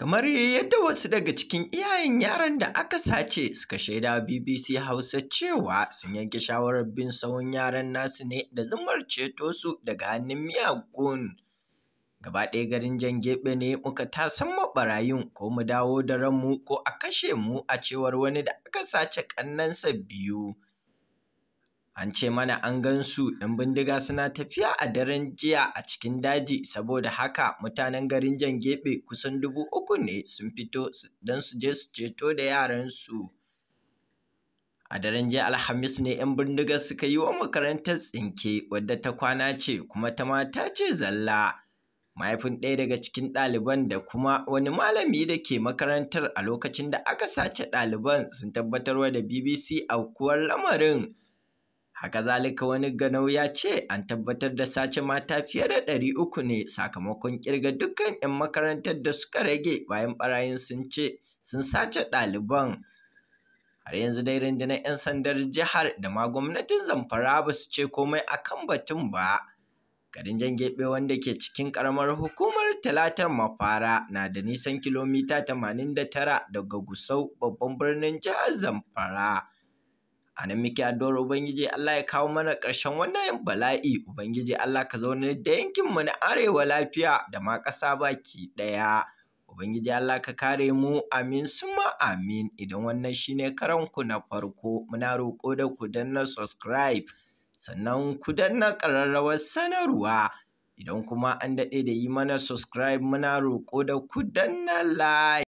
kamar yadda wasu daga cikin iyayen yaran da aka sace suka shaida BBC Hausa cewa sun yanke shawarar bin sawun yaran nasu ne da zumar ceto su daga hannun miyagun. Gaba ɗaya garin jan gebe ne muka tasan maɓarayin ko mu dawo da ranmu ko a kashe mu a cewar wani da aka sace ƙannansa biyu. An ce mana an gan su 'yan bindiga suna tafiya a daren jiya a cikin daji saboda haka mutanen garin Jan Gebe kusan dubu uku ne sun fito don su je su ceto da yaransu. A daren jiya Alhamis ne 'yan bindiga suka yi wa makarantar tsinke wadda ta kwana ce kuma ta mata ce zalla. Mahaifin ɗaya daga cikin ɗaliban da kuma wani malami da ke makarantar a lokacin da aka sace ɗaliban sun tabbatarwa da BBC aukuwar lamarin. Haka zalika wani ganau ya ce an tabbatar da sace mata fiye da ɗari uku ne sakamakon kirga dukkan 'yan makarantar da suka rage bayan barayin sun ce sun sace ɗaliban. Har yanzu dai rundunar 'yan sandar jihar da ma gwamnatin Zamfara ba su ce komai a kan batun ba. Garin Jangebe wanda ke cikin karamar hukumar Talatar Mafara na da nisan kilomita 89 daga Gusau babban birnin jihar Zamfara. a nan muke addu'ar ubangiji Allah ya kawo mana ƙarshen wannan bala'i ubangiji Allah ka zaune da yankin mu na arewa lafiya da ma ƙasa baki ɗaya ubangiji Allah ka kare mu amin suma amin idan wannan shine ku na farko muna roƙo da ku danna subscribe sannan ku danna ƙararrawar sanarwa idan kuma an daɗe da yi mana subscribe muna roƙo da ku danna like